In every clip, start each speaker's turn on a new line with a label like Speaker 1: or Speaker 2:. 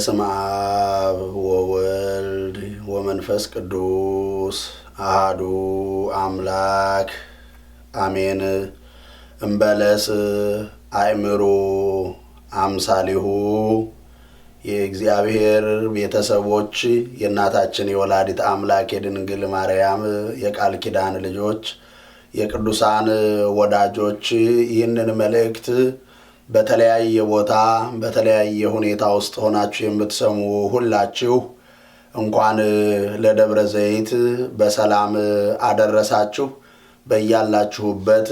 Speaker 1: በስመ አብ ወወልድ ወመንፈስ ቅዱስ አሃዱ አምላክ አሜን። እምበለስ አእምሩ አምሳሊሁ የእግዚአብሔር ቤተሰቦች የእናታችን የወላዲት አምላክ የድንግል ማርያም የቃል ኪዳን ልጆች የቅዱሳን ወዳጆች ይህንን መልእክት በተለያየ ቦታ በተለያየ ሁኔታ ውስጥ ሆናችሁ የምትሰሙ ሁላችሁ እንኳን ለደብረ ዘይት በሰላም አደረሳችሁ። በያላችሁበት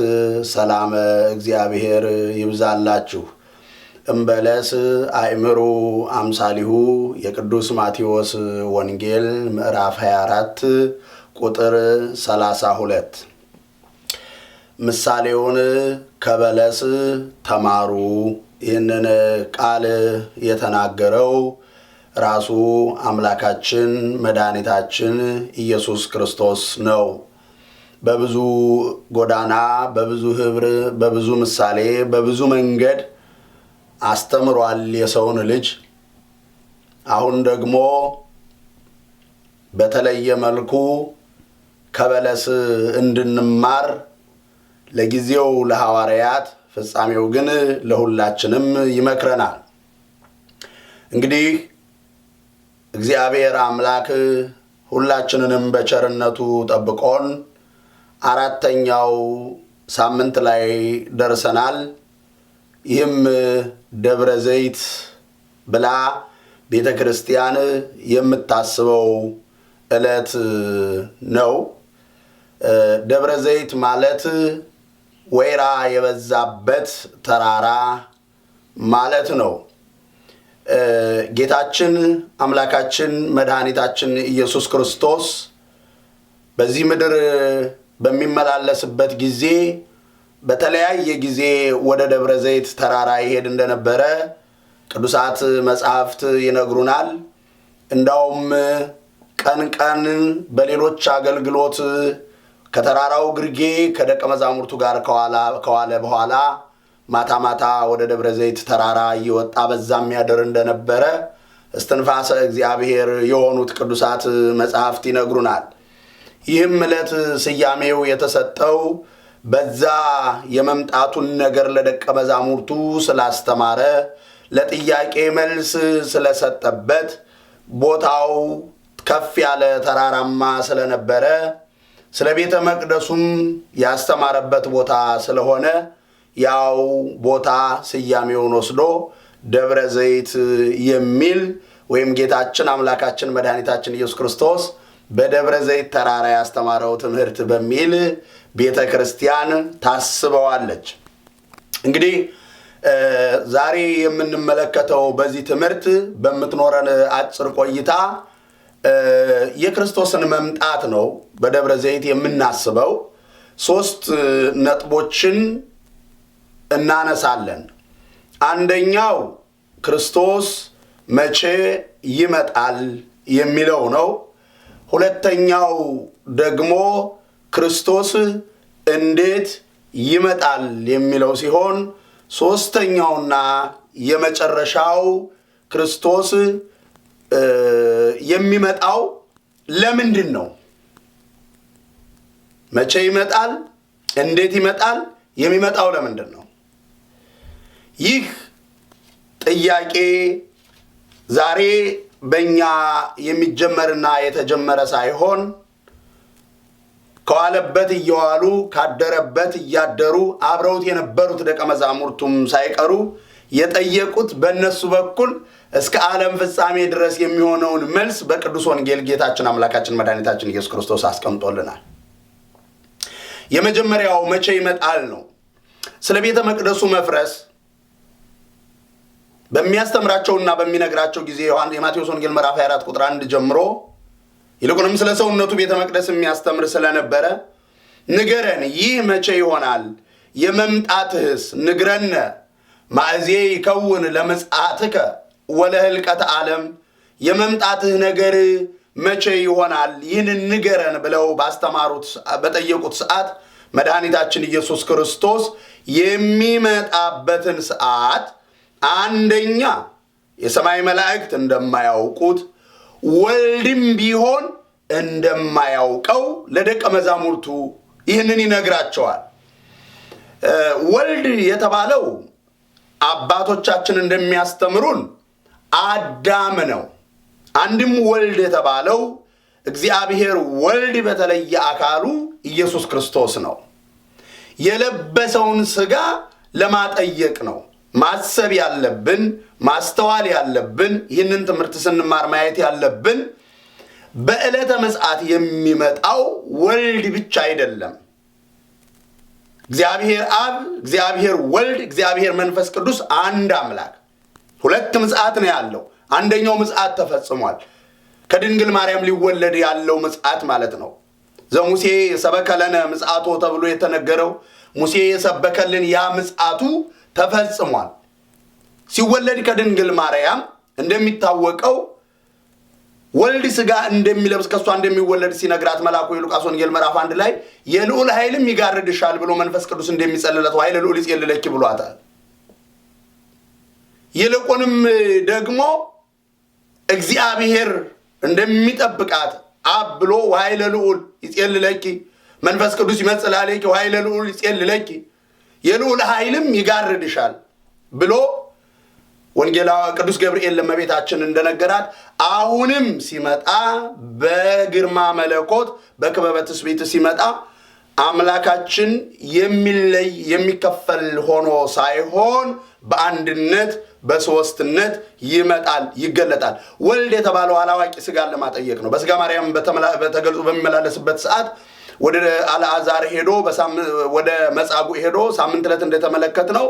Speaker 1: ሰላም እግዚአብሔር ይብዛላችሁ። እምበለስ አእምሩ አምሳሊሁ የቅዱስ ማቴዎስ ወንጌል ምዕራፍ 24 ቁጥር 32 ምሳሌውን ከበለስ ተማሩ። ይህንን ቃል የተናገረው ራሱ አምላካችን መድኃኒታችን ኢየሱስ ክርስቶስ ነው። በብዙ ጎዳና፣ በብዙ ህብር፣ በብዙ ምሳሌ፣ በብዙ መንገድ አስተምሯል የሰውን ልጅ። አሁን ደግሞ በተለየ መልኩ ከበለስ እንድንማር ለጊዜው ለሐዋርያት ፍጻሜው ግን ለሁላችንም ይመክረናል። እንግዲህ እግዚአብሔር አምላክ ሁላችንንም በቸርነቱ ጠብቆን አራተኛው ሳምንት ላይ ደርሰናል። ይህም ደብረ ዘይት ብላ ቤተ ክርስቲያን የምታስበው ዕለት ነው። ደብረ ዘይት ማለት ወይራ የበዛበት ተራራ ማለት ነው። ጌታችን አምላካችን መድኃኒታችን ኢየሱስ ክርስቶስ በዚህ ምድር በሚመላለስበት ጊዜ በተለያየ ጊዜ ወደ ደብረ ዘይት ተራራ ይሄድ እንደነበረ ቅዱሳት መጽሐፍት ይነግሩናል። እንዳውም ቀን ቀን በሌሎች አገልግሎት ከተራራው ግርጌ ከደቀ መዛሙርቱ ጋር ከዋለ በኋላ ማታ ማታ ወደ ደብረ ዘይት ተራራ እየወጣ በዛም ያደር እንደነበረ እስትንፋሰ እግዚአብሔር የሆኑት ቅዱሳት መጽሐፍት ይነግሩናል። ይህም ዕለት ስያሜው የተሰጠው በዛ የመምጣቱን ነገር ለደቀ መዛሙርቱ ስላስተማረ፣ ለጥያቄ መልስ ስለሰጠበት፣ ቦታው ከፍ ያለ ተራራማ ስለነበረ ስለ ቤተ መቅደሱም ያስተማረበት ቦታ ስለሆነ ያው ቦታ ስያሜውን ወስዶ ደብረ ዘይት የሚል ወይም ጌታችን አምላካችን መድኃኒታችን ኢየሱስ ክርስቶስ በደብረ ዘይት ተራራ ያስተማረው ትምህርት በሚል ቤተ ክርስቲያን ታስበዋለች። እንግዲህ ዛሬ የምንመለከተው በዚህ ትምህርት በምትኖረን አጭር ቆይታ የክርስቶስን መምጣት ነው በደብረ ዘይት የምናስበው። ሶስት ነጥቦችን እናነሳለን። አንደኛው ክርስቶስ መቼ ይመጣል የሚለው ነው። ሁለተኛው ደግሞ ክርስቶስ እንዴት ይመጣል የሚለው ሲሆን ሦስተኛውና የመጨረሻው ክርስቶስ የሚመጣው ለምንድን ነው? መቼ ይመጣል? እንዴት ይመጣል? የሚመጣው ለምንድን ነው? ይህ ጥያቄ ዛሬ በእኛ የሚጀመርና የተጀመረ ሳይሆን ከዋለበት እየዋሉ ካደረበት እያደሩ አብረውት የነበሩት ደቀ መዛሙርቱም ሳይቀሩ የጠየቁት በእነሱ በኩል እስከ ዓለም ፍጻሜ ድረስ የሚሆነውን መልስ በቅዱስ ወንጌል ጌታችን አምላካችን መድኃኒታችን ኢየሱስ ክርስቶስ አስቀምጦልናል። የመጀመሪያው መቼ ይመጣል ነው። ስለ ቤተ መቅደሱ መፍረስ በሚያስተምራቸውና በሚነግራቸው ጊዜ የማቴዎስ ወንጌል ምዕራፍ 24 ቁጥር 1 ጀምሮ ይልቁንም ስለ ሰውነቱ ቤተ መቅደስ የሚያስተምር ስለነበረ ንገረን፣ ይህ መቼ ይሆናል? የመምጣትህስ ንግረነ ማእዜ ይከውን ለምጽአትከ ወለህልቀተ ዓለም የመምጣትህ ነገር መቼ ይሆናል? ይህንን ንገረን ብለው ባስተማሩት በጠየቁት ሰዓት መድኃኒታችን ኢየሱስ ክርስቶስ የሚመጣበትን ሰዓት አንደኛ የሰማይ መላእክት እንደማያውቁት ወልድም ቢሆን እንደማያውቀው ለደቀ መዛሙርቱ ይህንን ይነግራቸዋል። ወልድ የተባለው አባቶቻችን እንደሚያስተምሩን አዳም ነው። አንድም ወልድ የተባለው እግዚአብሔር ወልድ በተለየ አካሉ ኢየሱስ ክርስቶስ ነው። የለበሰውን ሥጋ ለማጠየቅ ነው። ማሰብ ያለብን ማስተዋል ያለብን ይህንን ትምህርት ስንማር ማየት ያለብን በዕለተ ምጽአት የሚመጣው ወልድ ብቻ አይደለም። እግዚአብሔር አብ፣ እግዚአብሔር ወልድ፣ እግዚአብሔር መንፈስ ቅዱስ አንድ አምላክ ሁለት ምጽአት ነው ያለው። አንደኛው ምጽአት ተፈጽሟል። ከድንግል ማርያም ሊወለድ ያለው ምጽአት ማለት ነው። ዘሙሴ የሰበከለነ ምጽአቶ ተብሎ የተነገረው ሙሴ የሰበከልን ያ ምጽአቱ ተፈጽሟል። ሲወለድ ከድንግል ማርያም እንደሚታወቀው ወልድ ስጋ እንደሚለብስ ከእሷ እንደሚወለድ ሲነግራት መልአኩ የሉቃስ ወንጌል ምዕራፍ አንድ ላይ የልዑል ኃይልም ይጋርድሻል ብሎ መንፈስ ቅዱስ እንደሚጸልለት ኃይለ ልዑል ይጼልለኪ ብሏታል። ይልቁንም ደግሞ እግዚአብሔር እንደሚጠብቃት አብ ብሎ ወኃይለ ልዑል ይጼልለኪ መንፈስ ቅዱስ ይመጽላለኪ ላለኪ ወኃይለ ልዑል ይጼልለኪ የልዑል ኃይልም ይጋርድሻል ብሎ ወንጌላ ቅዱስ ገብርኤል ለመቤታችን እንደነገራት አሁንም ሲመጣ በግርማ መለኮት በክበበ ትስብእት ሲመጣ አምላካችን የሚለይ የሚከፈል ሆኖ ሳይሆን በአንድነት በሶስትነት ይመጣል ይገለጣል። ወልድ የተባለው አላዋቂ ስጋን ለማጠየቅ ነው። በስጋ ማርያም በተገልጾ በሚመላለስበት ሰዓት ወደ አልአዛር ሄዶ ወደ መጻጉዕ ሄዶ ሳምንት ዕለት እንደተመለከት ነው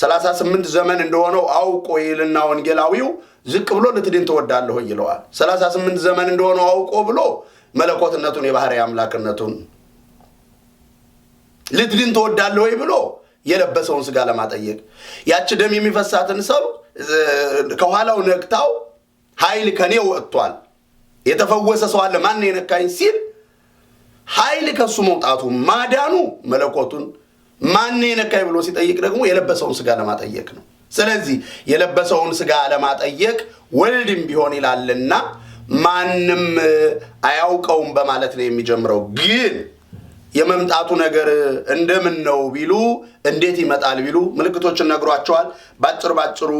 Speaker 1: 38 ዘመን እንደሆነው አውቆ ይልና ወንጌላዊው ዝቅ ብሎ ልትድን ትወዳለሁ ይለዋል። 38 ዘመን እንደሆነው አውቆ ብሎ መለኮትነቱን የባህሪ አምላክነቱን ልትድን ትወዳለህ ወይ ብሎ የለበሰውን ስጋ ለማጠየቅ ያች ደም የሚፈሳትን ሰው ከኋላው ነግታው ኃይል ከኔ ወጥቷል፣ የተፈወሰ ሰው አለ፣ ማን የነካኝ ሲል ኃይል ከሱ መውጣቱ ማዳኑ መለኮቱን ማን የነካኝ ብሎ ሲጠይቅ ደግሞ የለበሰውን ስጋ ለማጠየቅ ነው። ስለዚህ የለበሰውን ስጋ ለማጠየቅ ወልድም ቢሆን ይላልና ማንም አያውቀውም በማለት ነው የሚጀምረው ግን የመምጣቱ ነገር እንደምን ነው ቢሉ እንዴት ይመጣል ቢሉ ምልክቶችን ነግሯቸዋል። ባጭር ባጭሩ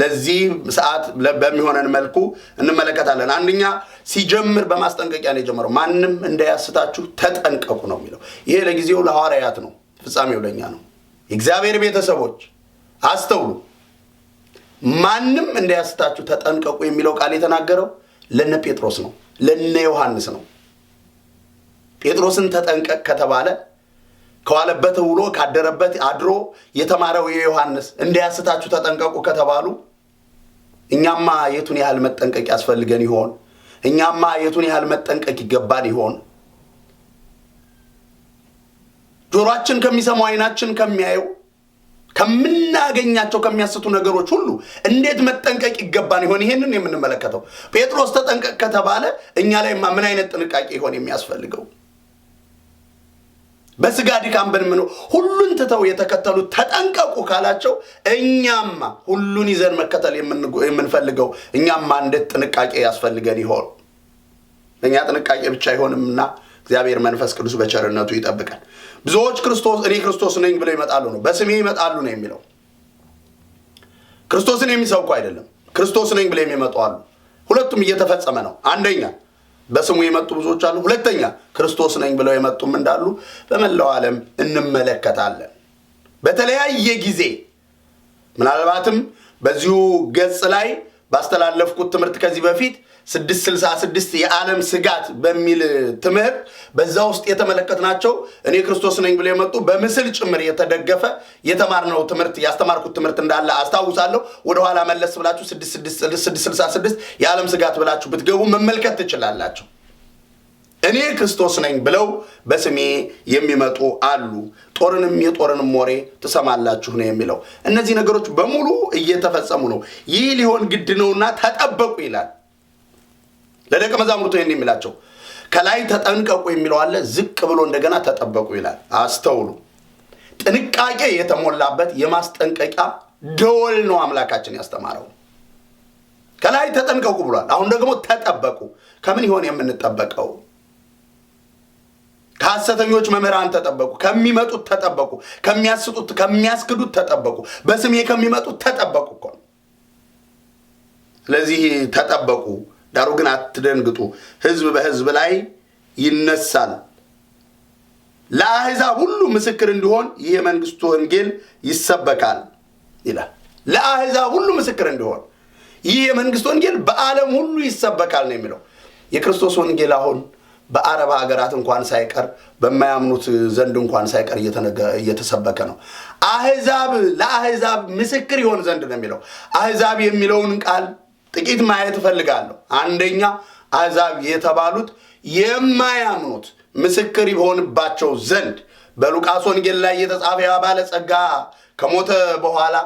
Speaker 1: ለዚህ ሰዓት በሚሆነን መልኩ እንመለከታለን። አንደኛ ሲጀምር በማስጠንቀቂያ ነው የጀመረው። ማንም እንዳያስታችሁ ተጠንቀቁ ነው የሚለው። ይሄ ለጊዜው ለሐዋርያት ነው፣ ፍጻሜው ለእኛ ነው። የእግዚአብሔር ቤተሰቦች አስተውሉ። ማንም እንዳያስታችሁ ተጠንቀቁ የሚለው ቃል የተናገረው ለነ ጴጥሮስ ነው፣ ለነ ዮሐንስ ነው። ጴጥሮስን ተጠንቀቅ ከተባለ ከዋለበት ውሎ ካደረበት አድሮ የተማረው የዮሐንስ እንዳያስታችሁ ተጠንቀቁ ከተባሉ እኛማ የቱን ያህል መጠንቀቅ ያስፈልገን ይሆን? እኛማ የቱን ያህል መጠንቀቅ ይገባን ይሆን? ጆሮአችን ከሚሰማው አይናችን ከሚያየው ከምናገኛቸው ከሚያስቱ ነገሮች ሁሉ እንዴት መጠንቀቅ ይገባን ይሆን? ይሄንን የምንመለከተው ጴጥሮስ ተጠንቀቅ ከተባለ እኛ ላይ ምን አይነት ጥንቃቄ ይሆን የሚያስፈልገው? በስጋ ድካም በንምኖ ሁሉን ትተው የተከተሉ ተጠንቀቁ ካላቸው እኛማ ሁሉን ይዘን መከተል የምንፈልገው እኛማ እንዴት ጥንቃቄ ያስፈልገን ይሆን? እኛ ጥንቃቄ ብቻ አይሆንምና እግዚአብሔር መንፈስ ቅዱስ በቸርነቱ ይጠብቀን። ብዙዎች ክርስቶስ እኔ ክርስቶስ ነኝ ብለው ይመጣሉ ነው፣ በስሜ ይመጣሉ ነው የሚለው። ክርስቶስን የሚሰብኩ አይደለም፣ ክርስቶስ ነኝ ብለው የሚመጡ አሉ። ሁለቱም እየተፈጸመ ነው። አንደኛ በስሙ የመጡ ብዙዎች አሉ። ሁለተኛ ክርስቶስ ነኝ ብለው የመጡም እንዳሉ በመላው ዓለም እንመለከታለን። በተለያየ ጊዜ ምናልባትም በዚሁ ገጽ ላይ ባስተላለፍኩት ትምህርት ከዚህ በፊት 666 የዓለም ስጋት በሚል ትምህርት በዛ ውስጥ የተመለከትናቸው እኔ ክርስቶስ ነኝ ብለው የመጡ በምስል ጭምር የተደገፈ የተማርነው ትምህርት ያስተማርኩት ትምህርት እንዳለ አስታውሳለሁ። ወደኋላ መለስ ብላችሁ 666 የዓለም ስጋት ብላችሁ ብትገቡ መመልከት ትችላላችሁ። እኔ ክርስቶስ ነኝ ብለው በስሜ የሚመጡ አሉ፣ ጦርንም የጦርንም ወሬ ትሰማላችሁ ነው የሚለው። እነዚህ ነገሮች በሙሉ እየተፈጸሙ ነው። ይህ ሊሆን ግድ ነውና ተጠበቁ ይላል። ለደቀ መዛሙርቱ ይህን የሚላቸው ከላይ ተጠንቀቁ የሚለው አለ፣ ዝቅ ብሎ እንደገና ተጠበቁ ይላል። አስተውሉ። ጥንቃቄ የተሞላበት የማስጠንቀቂያ ደወል ነው አምላካችን ያስተማረው። ከላይ ተጠንቀቁ ብሏል። አሁን ደግሞ ተጠበቁ። ከምን ይሆን የምንጠበቀው? ከሐሰተኞች መምህራን ተጠበቁ፣ ከሚመጡት ተጠበቁ፣ ከሚያስጡት ከሚያስክዱት ተጠበቁ፣ በስሜ ከሚመጡት ተጠበቁ እኮ። ስለዚህ ተጠበቁ ዳሩ ግን አትደንግጡ፣ ህዝብ በህዝብ ላይ ይነሳል፣ ለአህዛብ ሁሉ ምስክር እንዲሆን ይህ የመንግስቱ ወንጌል ይሰበካል ይላል። ለአህዛብ ሁሉ ምስክር እንዲሆን ይህ የመንግስት ወንጌል በዓለም ሁሉ ይሰበካል ነው የሚለው የክርስቶስ ወንጌል አሁን በአረብ ሀገራት እንኳን ሳይቀር በማያምኑት ዘንድ እንኳን ሳይቀር እየተሰበከ ነው። አህዛብ ለአህዛብ ምስክር ይሆን ዘንድ ነው የሚለው አህዛብ የሚለውን ቃል ጥቂት ማየት እፈልጋለሁ። አንደኛ አሕዛብ የተባሉት የማያምኑት ምስክር ይሆንባቸው ዘንድ በሉቃስ ወንጌል ላይ የተጻፈ ያ ባለጸጋ ከሞተ በኋላ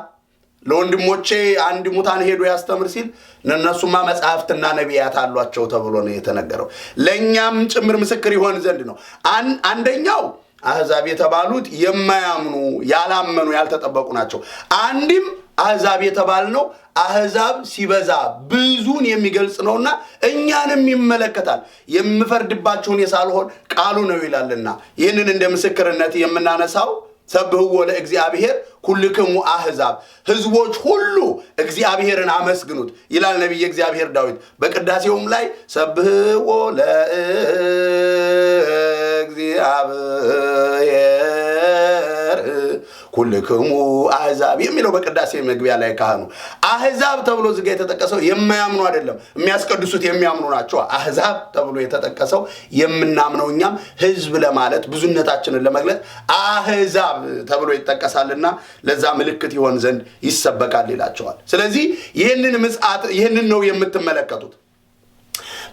Speaker 1: ለወንድሞቼ አንድ ሙታን ሄዶ ያስተምር ሲል ለእነሱማ መጽሐፍትና ነቢያት አሏቸው ተብሎ ነው የተነገረው። ለእኛም ጭምር ምስክር ይሆን ዘንድ ነው። አንደኛው አሕዛብ የተባሉት የማያምኑ ያላመኑ፣ ያልተጠበቁ ናቸው። አንድም አህዛብ የተባልነው አህዛብ ሲበዛ ብዙን የሚገልጽ ነውና እኛንም ይመለከታል። የምፈርድባቸውን የሳልሆን ቃሉ ነው ይላልና ይህንን እንደ ምስክርነት የምናነሳው ሰብህዎ ለእግዚአብሔር ኩልክሙ አህዛብ ህዝቦች ሁሉ እግዚአብሔርን አመስግኑት ይላል ነቢየ እግዚአብሔር ዳዊት በቅዳሴውም ላይ ሰብህዎ ለእግዚአብሔር ኩልክሙ አህዛብ የሚለው በቅዳሴ መግቢያ ላይ ካህኑ አህዛብ ተብሎ ዝጋ የተጠቀሰው የማያምኑ አይደለም። የሚያስቀድሱት የሚያምኑ ናቸው። አህዛብ ተብሎ የተጠቀሰው የምናምነው እኛም ህዝብ ለማለት ብዙነታችንን ለመግለጽ አህዛብ ተብሎ ይጠቀሳልና ለዛ ምልክት ይሆን ዘንድ ይሰበቃል ይላቸዋል። ስለዚህ ይህንን ምጽአት ይህንን ነው የምትመለከቱት።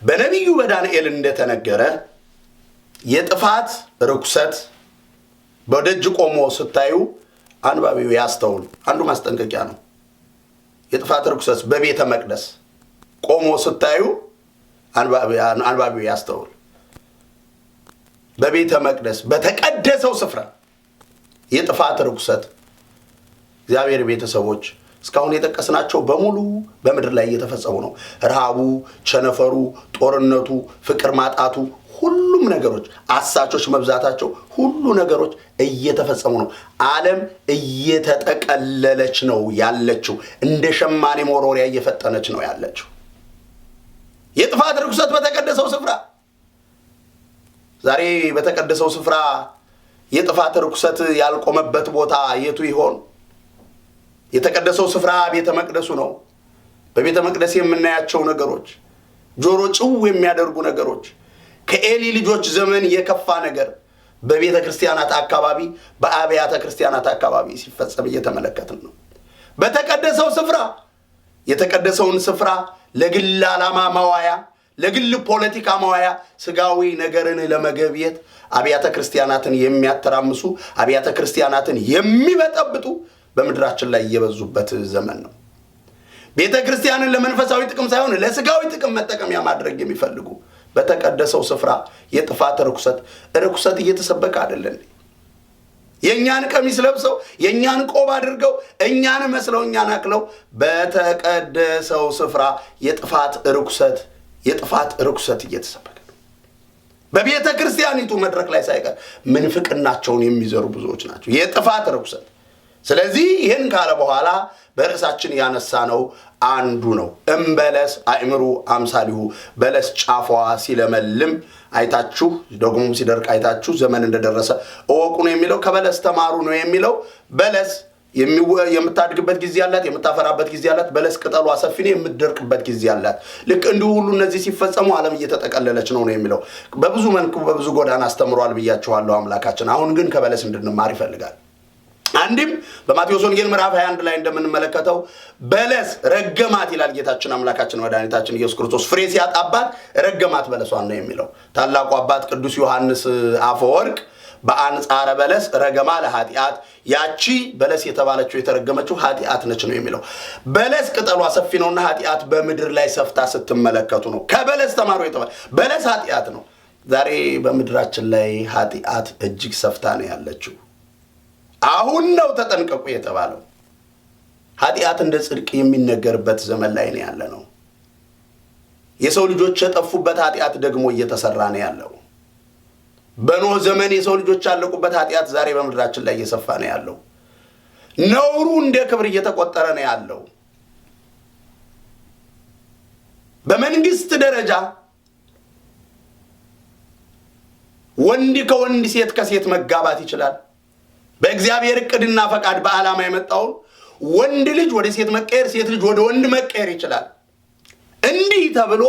Speaker 1: በነቢዩ በዳንኤል እንደተነገረ የጥፋት ርኩሰት በደጅ ቆሞ ስታዩ አንባቢው ያስተውል። አንዱ ማስጠንቀቂያ ነው። የጥፋት ርኩሰት በቤተ መቅደስ ቆሞ ስታዩ አንባቢው ያስተውል። በቤተ መቅደስ በተቀደሰው ስፍራ የጥፋት ርኩሰት እግዚአብሔር ቤተሰቦች እስካሁን የጠቀስናቸው በሙሉ በምድር ላይ እየተፈጸሙ ነው። ረሃቡ፣ ቸነፈሩ፣ ጦርነቱ፣ ፍቅር ማጣቱ ሁሉም ነገሮች አሳቾች መብዛታቸው ሁሉ ነገሮች እየተፈጸሙ ነው። ዓለም እየተጠቀለለች ነው ያለችው። እንደ ሸማኔ መወርወሪያ እየፈጠነች ነው ያለችው። የጥፋት ርኩሰት በተቀደሰው ስፍራ ዛሬ በተቀደሰው ስፍራ የጥፋት ርኩሰት ያልቆመበት ቦታ የቱ ይሆን? የተቀደሰው ስፍራ ቤተ መቅደሱ ነው። በቤተ መቅደስ የምናያቸው ነገሮች ጆሮ ጭው የሚያደርጉ ነገሮች ከኤሊ ልጆች ዘመን የከፋ ነገር በቤተ ክርስቲያናት አካባቢ በአብያተ ክርስቲያናት አካባቢ ሲፈጸም እየተመለከትን ነው። በተቀደሰው ስፍራ የተቀደሰውን ስፍራ ለግል ዓላማ መዋያ፣ ለግል ፖለቲካ መዋያ፣ ስጋዊ ነገርን ለመገብየት አብያተ ክርስቲያናትን የሚያተራምሱ አብያተ ክርስቲያናትን የሚበጠብጡ በምድራችን ላይ እየበዙበት ዘመን ነው። ቤተ ክርስቲያንን ለመንፈሳዊ ጥቅም ሳይሆን ለስጋዊ ጥቅም መጠቀሚያ ማድረግ የሚፈልጉ በተቀደሰው ስፍራ የጥፋት ርኩሰት ርኩሰት እየተሰበከ አይደለን? የእኛን ቀሚስ ለብሰው የእኛን ቆብ አድርገው እኛን መስለው እኛን አክለው በተቀደሰው ስፍራ የጥፋት ርኩሰት የጥፋት ርኩሰት እየተሰበከ ነው። በቤተ ክርስቲያኒቱ መድረክ ላይ ሳይቀር ምንፍቅናቸውን የሚዘሩ ብዙዎች ናቸው። የጥፋት ርኩሰት። ስለዚህ ይህን ካለ በኋላ በርዕሳችን ያነሳ ነው አንዱ ነው። እምበለስ አእምሩ አምሳሊሁ በለስ ጫፏ ሲለመልም አይታችሁ ደግሞም ሲደርቅ አይታችሁ ዘመን እንደደረሰ እወቁ ነው የሚለው። ከበለስ ተማሩ ነው የሚለው። በለስ የምታድግበት ጊዜ አላት፣ የምታፈራበት ጊዜ አላት። በለስ ቅጠሏ ሰፊ ነው፣ የምትደርቅበት ጊዜ አላት። ልክ እንዲሁ ሁሉ እነዚህ ሲፈጸሙ ዓለም እየተጠቀለለች ነው ነው የሚለው። በብዙ መልኩ በብዙ ጎዳና አስተምሯል ብያችኋለሁ አምላካችን። አሁን ግን ከበለስ እንድንማር ይፈልጋል። አንድም በማቴዎስ ወንጌል ምዕራፍ 21 ላይ እንደምንመለከተው በለስ ረገማት ይላል ጌታችን አምላካችን መድኃኒታችን ኢየሱስ ክርስቶስ። ፍሬ ሲያጣባት ረገማት በለሷን ነው የሚለው። ታላቁ አባት ቅዱስ ዮሐንስ አፈወርቅ በአንጻረ በለስ ረገማ ለኃጢአት ያቺ በለስ የተባለችው የተረገመችው ኃጢአት ነች ነው የሚለው። በለስ ቅጠሏ ሰፊ ነውና ኃጢአት በምድር ላይ ሰፍታ ስትመለከቱ ነው። ከበለስ ተማሩ የተባለ በለስ ኃጢአት ነው። ዛሬ በምድራችን ላይ ኃጢአት እጅግ ሰፍታ ነው ያለችው። አሁን ነው ተጠንቀቁ የተባለው። ኃጢአት እንደ ጽድቅ የሚነገርበት ዘመን ላይ ነው ያለ ነው። የሰው ልጆች የጠፉበት ኃጢአት ደግሞ እየተሰራ ነው ያለው። በኖህ ዘመን የሰው ልጆች ያለቁበት ኃጢአት ዛሬ በምድራችን ላይ እየሰፋ ነው ያለው። ነውሩ እንደ ክብር እየተቆጠረ ነው ያለው። በመንግስት ደረጃ ወንድ ከወንድ ሴት ከሴት መጋባት ይችላል። በእግዚአብሔር እቅድና ፈቃድ በዓላማ የመጣውን ወንድ ልጅ ወደ ሴት መቀየር፣ ሴት ልጅ ወደ ወንድ መቀየር ይችላል። እንዲህ ተብሎ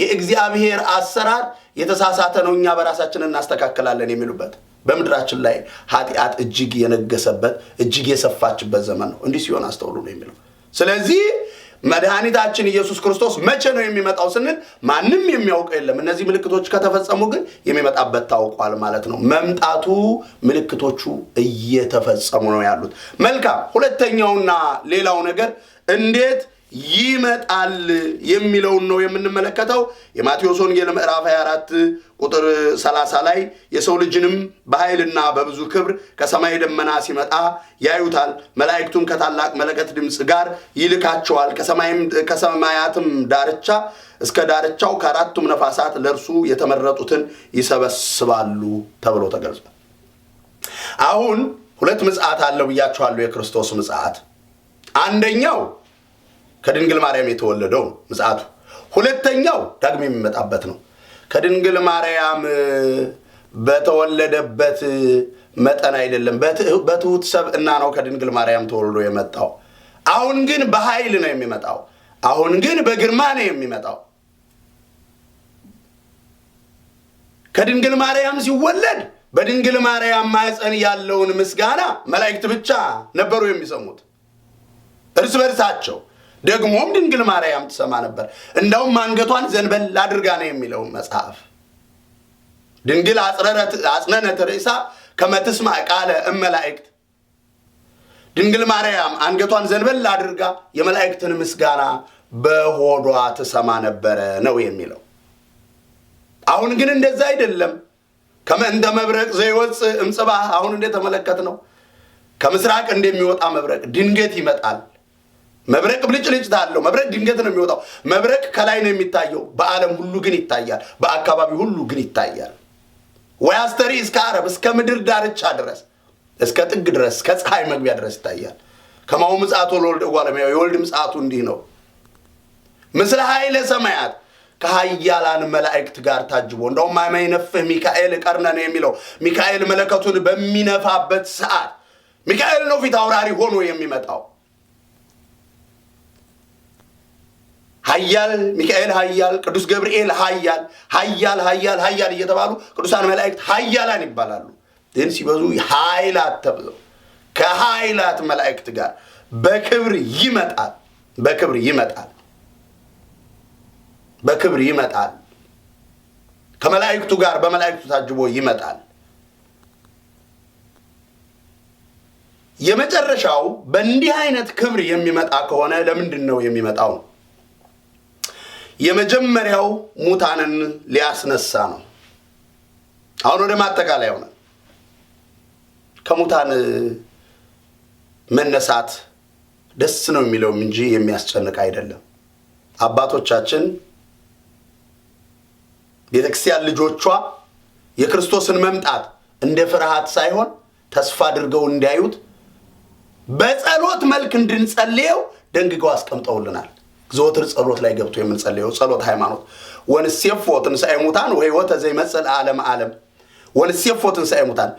Speaker 1: የእግዚአብሔር አሰራር የተሳሳተ ነው፣ እኛ በራሳችን እናስተካክላለን የሚሉበት በምድራችን ላይ ኃጢአት እጅግ የነገሰበት እጅግ የሰፋችበት ዘመን ነው። እንዲህ ሲሆን አስተውሉ ነው የሚለው ስለዚህ መድኃኒታችን ኢየሱስ ክርስቶስ መቼ ነው የሚመጣው ስንል ማንም የሚያውቅ የለም። እነዚህ ምልክቶች ከተፈጸሙ ግን የሚመጣበት ታውቋል ማለት ነው። መምጣቱ ምልክቶቹ እየተፈጸሙ ነው ያሉት። መልካም። ሁለተኛውና ሌላው ነገር እንዴት ይመጣል የሚለውን ነው የምንመለከተው። የማቴዎስ ወንጌል ምዕራፍ 24 ቁጥር 30 ላይ የሰው ልጅንም በኃይልና በብዙ ክብር ከሰማይ ደመና ሲመጣ ያዩታል፣ መላእክቱም ከታላቅ መለከት ድምፅ ጋር ይልካቸዋል፣ ከሰማያትም ዳርቻ እስከ ዳርቻው ከአራቱም ነፋሳት ለእርሱ የተመረጡትን ይሰበስባሉ ተብሎ ተገልጿል። አሁን ሁለት ምጽአት አለው ብያችኋለሁ። የክርስቶስ ምጽአት አንደኛው ከድንግል ማርያም የተወለደው ምጽአቱ። ሁለተኛው ዳግም የሚመጣበት ነው። ከድንግል ማርያም በተወለደበት መጠን አይደለም፣ በትሁት ሰብእና ነው ከድንግል ማርያም ተወልዶ የመጣው። አሁን ግን በኃይል ነው የሚመጣው። አሁን ግን በግርማ ነው የሚመጣው። ከድንግል ማርያም ሲወለድ በድንግል ማርያም ማኅፀን ያለውን ምስጋና መላእክት ብቻ ነበሩ የሚሰሙት እርስ በርሳቸው ደግሞም ድንግል ማርያም ትሰማ ነበር። እንደውም አንገቷን ዘንበል አድርጋ ነው የሚለው መጽሐፍ። ድንግል አጽነነት ርእሳ ከመትስማ ቃለ እመላእክት ድንግል ማርያም አንገቷን ዘንበል አድርጋ የመላእክትን ምስጋና በሆዷ ትሰማ ነበረ ነው የሚለው። አሁን ግን እንደዛ አይደለም። ከመእንተ መብረቅ ዘይወፅ እምጽባህ አሁን እንደተመለከት ነው ከምስራቅ እንደሚወጣ መብረቅ ድንገት ይመጣል። መብረቅ ብልጭልጭታ አለው። መብረቅ ድንገት ነው የሚወጣው። መብረቅ ከላይ ነው የሚታየው። በዓለም ሁሉ ግን ይታያል። በአካባቢ ሁሉ ግን ይታያል። ወያስተሪ እስከ አረብ እስከ ምድር ዳርቻ ድረስ እስከ ጥግ ድረስ እስከ ፀሐይ መግቢያ ድረስ ይታያል። ከማሁ ምጽአቶ ለወልድ እጓለሚያ የወልድ ምጽአቱ እንዲህ ነው። ምስለ ኃይለ ሰማያት ከሀያላን መላእክት ጋር ታጅቦ እንደውም ማይመይነፍህ ሚካኤል ቀርነ ነው የሚለው ሚካኤል መለከቱን በሚነፋበት ሰዓት ሚካኤል ነው ፊት አውራሪ ሆኖ የሚመጣው ኃያል ሚካኤል ኃያል ቅዱስ ገብርኤል ኃያል ኃያል ኃያል ኃያል እየተባሉ ቅዱሳን መላእክት ኃያላን ይባላሉ። ግን ሲበዙ ኃይላት ተብለው ከኃይላት መላእክት ጋር በክብር ይመጣል። በክብር ይመጣል። በክብር ይመጣል። ከመላእክቱ ጋር በመላእክቱ ታጅቦ ይመጣል። የመጨረሻው በእንዲህ አይነት ክብር የሚመጣ ከሆነ ለምንድን ነው የሚመጣው? የመጀመሪያው ሙታንን ሊያስነሳ ነው። አሁን ወደ ማጠቃለያ ሆነ። ከሙታን መነሳት ደስ ነው የሚለውም እንጂ የሚያስጨንቅ አይደለም። አባቶቻችን ቤተክርስቲያን ልጆቿ የክርስቶስን መምጣት እንደ ፍርሃት ሳይሆን ተስፋ አድርገው እንዲያዩት በጸሎት መልክ እንድንጸልየው ደንግገው አስቀምጠውልናል። ዘወትር ጸሎት ላይ ገብቶ የምንጸልየው ጸሎት ሃይማኖት ወንሴፎ ትንሣኤ ሙታን ወሕይወተ ዘይመጽእ ለዓለም ዓለም ወንሴፎ ትንሣኤ ሙታን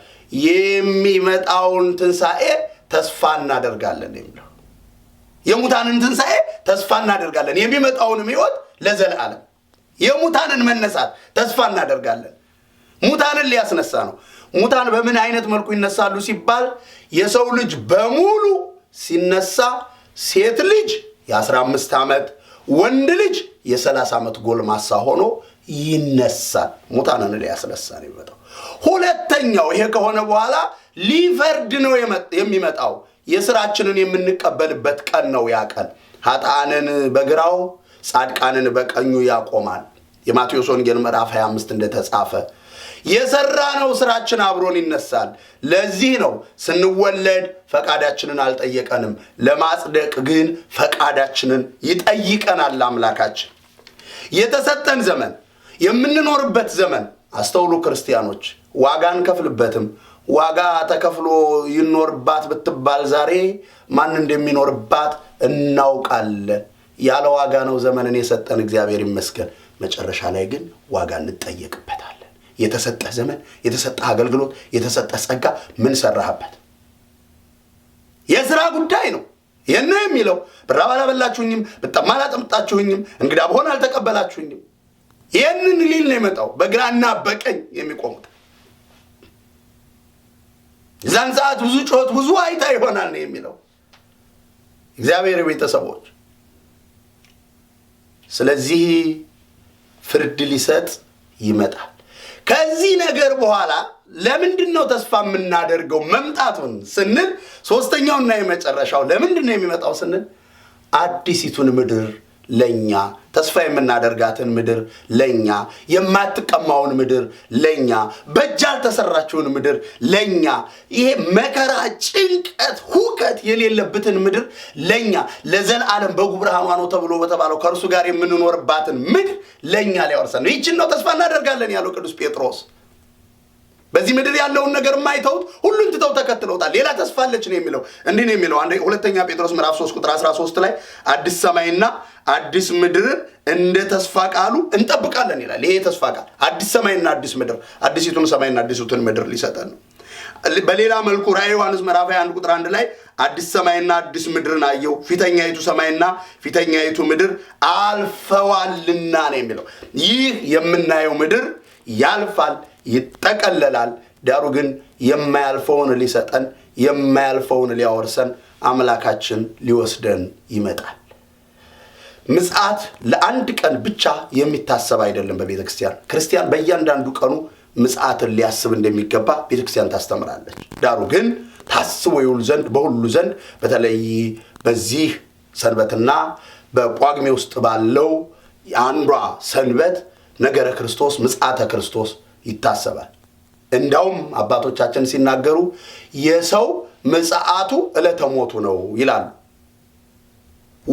Speaker 1: የሚመጣውን ትንሣኤ ተስፋ እናደርጋለን የሚለው የሙታንን ትንሣኤ ተስፋ እናደርጋለን፣ የሚመጣውንም ሕይወት ለዘለዓለም የሙታንን መነሳት ተስፋ እናደርጋለን። ሙታንን ሊያስነሳ ነው። ሙታን በምን አይነት መልኩ ይነሳሉ ሲባል የሰው ልጅ በሙሉ ሲነሳ ሴት ልጅ የ15 ዓመት ወንድ ልጅ የ30 ዓመት ጎልማሳ ሆኖ ይነሳል። ሙታንን ሊያስነሳ ነው የሚመጣው። ሁለተኛው ይሄ ከሆነ በኋላ ሊፈርድ ነው የሚመጣው። የስራችንን የምንቀበልበት ቀን ነው ያ ቀን። ኃጥአንን በግራው ጻድቃንን በቀኙ ያቆማል። የማቴዎስ ወንጌል ምዕራፍ 25 እንደተጻፈ የሰራነው ስራችን አብሮን ይነሳል። ለዚህ ነው ስንወለድ ፈቃዳችንን አልጠየቀንም፣ ለማጽደቅ ግን ፈቃዳችንን ይጠይቀናል አምላካችን። የተሰጠን ዘመን የምንኖርበት ዘመን አስተውሉ ክርስቲያኖች፣ ዋጋ አንከፍልበትም። ዋጋ ተከፍሎ ይኖርባት ብትባል ዛሬ ማን እንደሚኖርባት እናውቃለን። ያለ ዋጋ ነው ዘመንን የሰጠን እግዚአብሔር ይመስገን። መጨረሻ ላይ ግን ዋጋ እንጠየቅበታል። የተሰጠህ ዘመን፣ የተሰጠህ አገልግሎት፣ የተሰጠህ ጸጋ ምን ሰራህበት? የስራ ጉዳይ ነው። ይህን የሚለው ብራብ አላበላችሁኝም፣ ብጠማ አላጠምጣችሁኝም፣ እንግዳ በሆን አልተቀበላችሁኝም። ይህንን ሊል ነው የመጣው። በግራና በቀኝ የሚቆሙት እዛን ሰዓት ብዙ ጩኸት፣ ብዙ አይታ ይሆናል ነው የሚለው እግዚአብሔር ቤተሰቦች። ስለዚህ ፍርድ ሊሰጥ ይመጣል። ከዚህ ነገር በኋላ ለምንድን ነው ተስፋ የምናደርገው መምጣቱን ስንል ሶስተኛውና የመጨረሻው ለምንድን ነው የሚመጣው ስንል አዲሲቱን ምድር ለኛ ተስፋ የምናደርጋትን ምድር ለኛ የማትቀማውን ምድር ለኛ በእጅ ያልተሰራችውን ምድር ለኛ ይሄ መከራ፣ ጭንቀት፣ ሁከት የሌለበትን ምድር ለኛ ለዘላለም በጉብረ ሃይማኖ ተብሎ በተባለው ከእርሱ ጋር የምንኖርባትን ምድር ለኛ ሊያወርሰን ነው። ይችን ነው ተስፋ እናደርጋለን ያለው ቅዱስ ጴጥሮስ። በዚህ ምድር ያለውን ነገር የማይተውት ሁሉን ትተው ተከትለውታል። ሌላ ተስፋ አለች ነው የሚለው። እንዲህ ነው የሚለው ሁለተኛ ጴጥሮስ ምዕራፍ 3 ቁጥር 13 ላይ አዲስ ሰማይና አዲስ ምድር እንደ ተስፋ ቃሉ እንጠብቃለን ይላል። ይሄ ተስፋ ቃል አዲስ ሰማይና አዲስ ምድር፣ አዲሲቱን ሰማይና አዲሱትን ምድር ሊሰጠን ነው። በሌላ መልኩ ራዕየ ዮሐንስ ምዕራፍ 21 ቁጥር 1 ላይ አዲስ ሰማይና አዲስ ምድርን አየሁ፣ ፊተኛይቱ ሰማይና ፊተኛይቱ ምድር አልፈዋልና ነው የሚለው። ይህ የምናየው ምድር ያልፋል ይጠቀለላል። ዳሩ ግን የማያልፈውን ሊሰጠን የማያልፈውን ሊያወርሰን አምላካችን ሊወስደን ይመጣል። ምጽአት ለአንድ ቀን ብቻ የሚታሰብ አይደለም። በቤተ ክርስቲያን ክርስቲያን በእያንዳንዱ ቀኑ ምጽአትን ሊያስብ እንደሚገባ ቤተ ክርስቲያን ታስተምራለች። ዳሩ ግን ታስቦ ይውል ዘንድ በሁሉ ዘንድ በተለይ በዚህ ሰንበትና በጳጉሜ ውስጥ ባለው አንዷ ሰንበት ነገረ ክርስቶስ ምጽአተ ክርስቶስ ይታሰባል። እንዳውም አባቶቻችን ሲናገሩ የሰው ምጽአቱ ዕለተ ሞቱ ነው ይላሉ።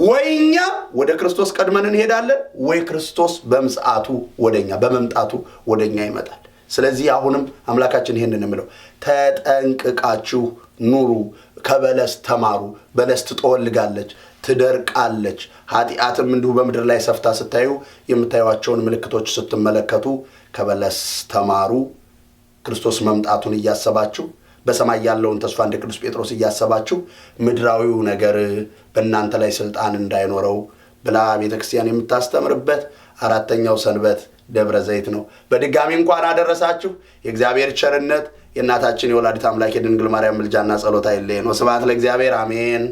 Speaker 1: ወይ እኛ ወደ ክርስቶስ ቀድመን እንሄዳለን፣ ወይ ክርስቶስ በምጽአቱ ወደኛ በመምጣቱ ወደኛ ይመጣል። ስለዚህ አሁንም አምላካችን ይሄንን የምለው ተጠንቅቃችሁ ኑሩ፣ ከበለስ ተማሩ። በለስ ትጠወልጋለች፣ ትደርቃለች። ኃጢአትም እንዲሁ በምድር ላይ ሰፍታ ስታዩ የምታዩቸውን ምልክቶች ስትመለከቱ ከበለስ ተማሩ ክርስቶስ መምጣቱን እያሰባችሁ በሰማይ ያለውን ተስፋ እንደ ቅዱስ ጴጥሮስ እያሰባችሁ ምድራዊው ነገር በእናንተ ላይ ስልጣን እንዳይኖረው ብላ ቤተ ክርስቲያን የምታስተምርበት አራተኛው ሰንበት ደብረ ዘይት ነው። በድጋሚ እንኳን አደረሳችሁ። የእግዚአብሔር ቸርነት የእናታችን የወላዲት አምላክ የድንግል ማርያም ምልጃና ጸሎታ አይለየን። ወስብሐት ለእግዚአብሔር አሜን።